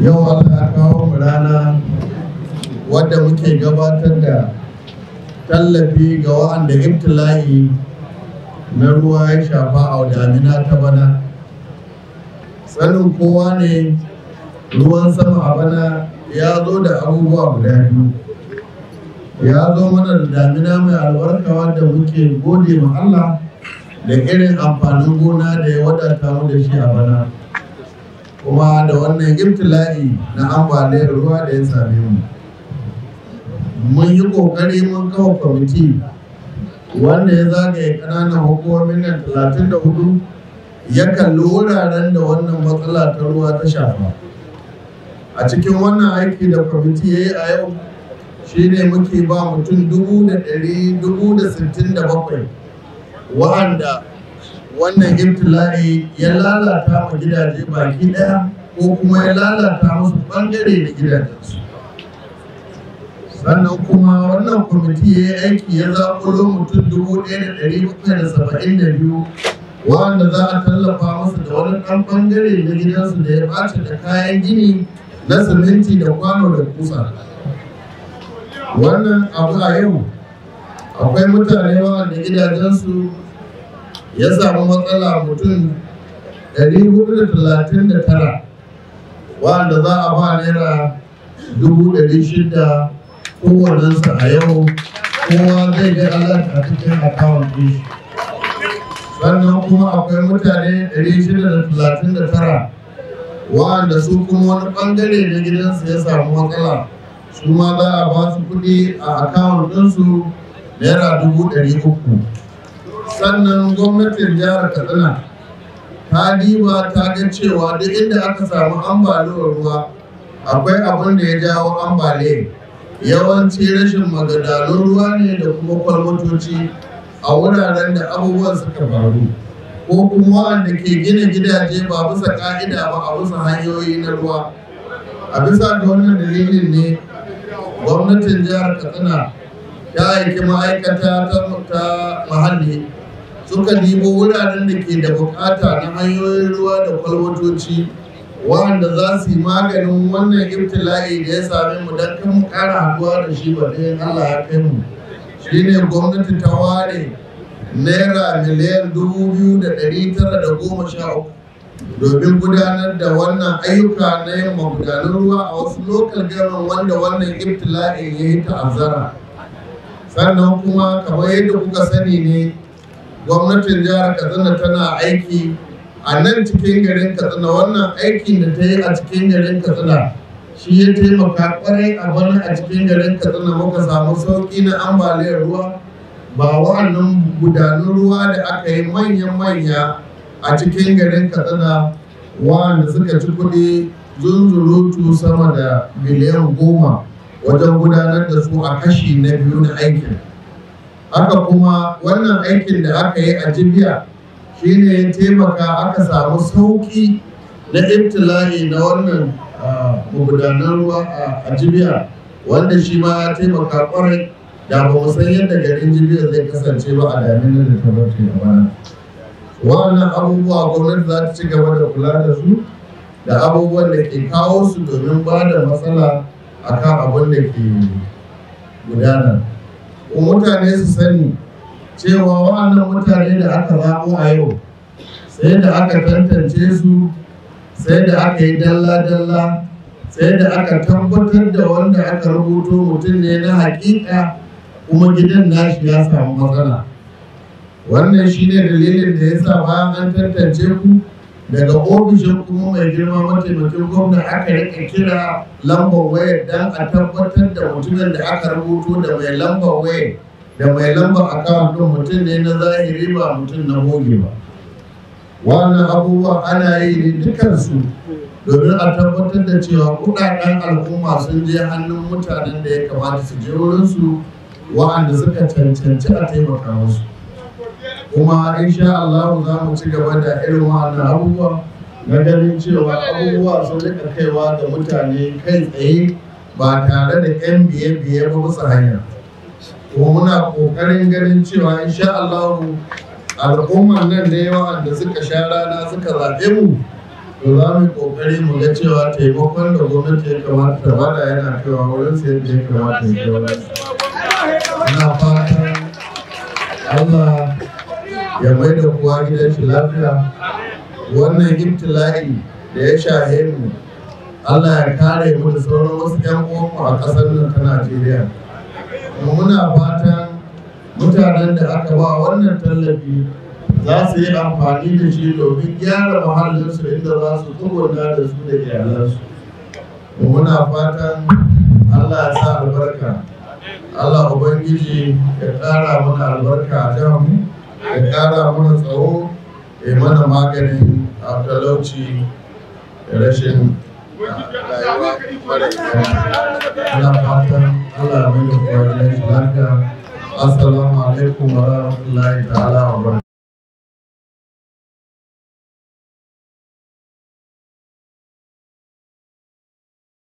yau ta kawo rana wadda muke gabatar da tallafi ga wa'anda ibtila'i na ruwa ya shafa a damina ta bana sanin kowa ne ruwan sama a bana ya zo da abubuwa guda biyu ya zo mana da damina mai albarka wadda muke gode ma da irin amfanin gona da ya wadata mu da shi a bana kuma da wannan ibtila'i na ambaliyar ruwa da ya same mu mun yi kokari mun kawo kwamiti wanda ya zagaye ƙananan hukumomin nan talatin da hudu ya kalli wuraren da wannan matsala ta ruwa ta shafa a cikin wannan aiki da kwamiti ya yi a yau shi ne muke ba mutum dubu da ɗari dubu da sittin da bakwai wa'anda wannan iftilari ya lalata wa gidaje baki daya ko kuma ya lalata musu bangare da gidajensu sannan kuma wannan kwamiti ya yi aiki ya zaɓulo mutum dubu ɗaya da ɗari bakwai da saba'in da biyu wanda za a tallafa musu da wani ɗan bangare na gidansu da ya ɓata da kayan gini na siminti da kwano da kusa wannan abu a yau akwai mutane da gidajensu ya samu matsala mutum 439 wanda za a ba naira 600 kowannensa a yau kowa zai ga alert a cikin akawun ɗin sannan kuma akwai mutane 639 wanda su kuma wani bangare na gidansu ya samu matsala su ma za a ba su kuɗi a akawun ɗinsu naira dubu ɗari uku sannan gwamnatin jihar katsina ta diba ta ga cewa duk inda aka samu ambaliyar ruwa akwai abin da ya jawo ambaliyar yawanci rashin magadalun ruwa ne da kuma kwalmatoci a wuraren da abubuwan suka faru ko kuma wanda ke gina gidaje ba bisa ka'ida ba a bisa hanyoyi na ruwa a bisa ga wannan dalilin ne gwamnatin jihar katsina ta aiki ma'aikata ta muhalli suka dibo wuraren da ke da bukata na hanyoyin ruwa da kwalwatoci wanda za su yi maganin wannan ibtila'i da ya same mu don kan mu kara haduwa da shi ba ɗayan Allah ya kai mu shine gwamnati ta ware naira miliyan dubu biyu da ɗari tara da goma sha uku domin gudanar da wannan ayyuka na yin magudanar ruwa a wasu lokal gamin wanda wannan ibtila'i ya yi ta'azzara sannan kuma kamar yadda kuka sani ne gwamnatin jihar katsina tana aiki a nan cikin garin katsina wannan aikin da ta yi a cikin garin katsina shi ya taimaka kwarai a bana a cikin garin katsina muka samu sauki na ambaliyar ruwa ba wa'annan gudanun ruwa da aka yi manya-manya a cikin garin katsina wa'anda suka ci kuɗi zunzurutu sama da miliyan goma wajen gudanar da su a kashi na biyu na aikin haka kuma wannan aikin da aka yi a jibiya shine ya taimaka aka samu sauki na iftila'i na wannan magudanar ruwa a jibiya wanda shi ma ya taimaka kwarai da ba san yadda garin jibiya zai kasance ba a damin da ta bace a bana wannan abubuwa gwamnati za ta ci gaba da kula da su da abubuwan da ke kawo su domin ba da matsala akan abin da ke gudana. mutane su sani cewa wa'annan mutane da aka ramo a yau sai da aka tantance su sai da aka yi dalla-dalla sai da aka tabbatar da wanda aka rubuto mutum ne na hakika kuma gidan nashi ya samu matsala wannan shine dalilin da ya sa ba an tantance ku daga ofishin kuma mai girma mataimakin gwamna aka rika kira lambar waya don a tabbatar da mutumin da aka rubuto da mai lambar waya da mai lambar akawun ɗin mutum ne na zahiri ba mutum na goge ba wannan abubuwa ana yi ne dukansu domin a tabbatar da cewa kudaden al'umma sun je hannun mutanen da ya kamata su je wurinsu wa'anda suka cancanci a taimaka musu. kuma insha Allah za mu ci gaba da irin wannan abubuwa na ganin cewa abubuwa sun rika kaiwa da mutane kai tsaye ba tare da yan biye-biye ba wasu hanya kuma muna kokarin ganin cewa insha Allah al'ummar nan yawa wa'anda suka sha rana suka zaɓe mu to za mu kokari mu ga cewa taimakon da gwamnati ya kamata ta bada yana kaiwa wurin sai da ya kamata ya kaiwa. Ina fatan Allah ya mai da kuwa gidan shi lafiya wannan ibtila'i da ya shahe mu Allah ya kare mu da sauran wasu ƴan uwanmu a ƙasar nan ta Najeriya kuma muna fatan mutanen da aka ba wannan tallafi za su yi amfani da shi domin gyara muhallinsu inda za su tsuguna da su da iyalansu muna fatan Allah ya sa albarka Allah Ubangiji ya ƙara mana albarka a jihar mu ya ƙara mana tsaro ya mana maganin a talauci da rashin rayuwa kwarai ana fatan Allah mai da kwarai lafiya assalamu alaikum wa ta'ala wa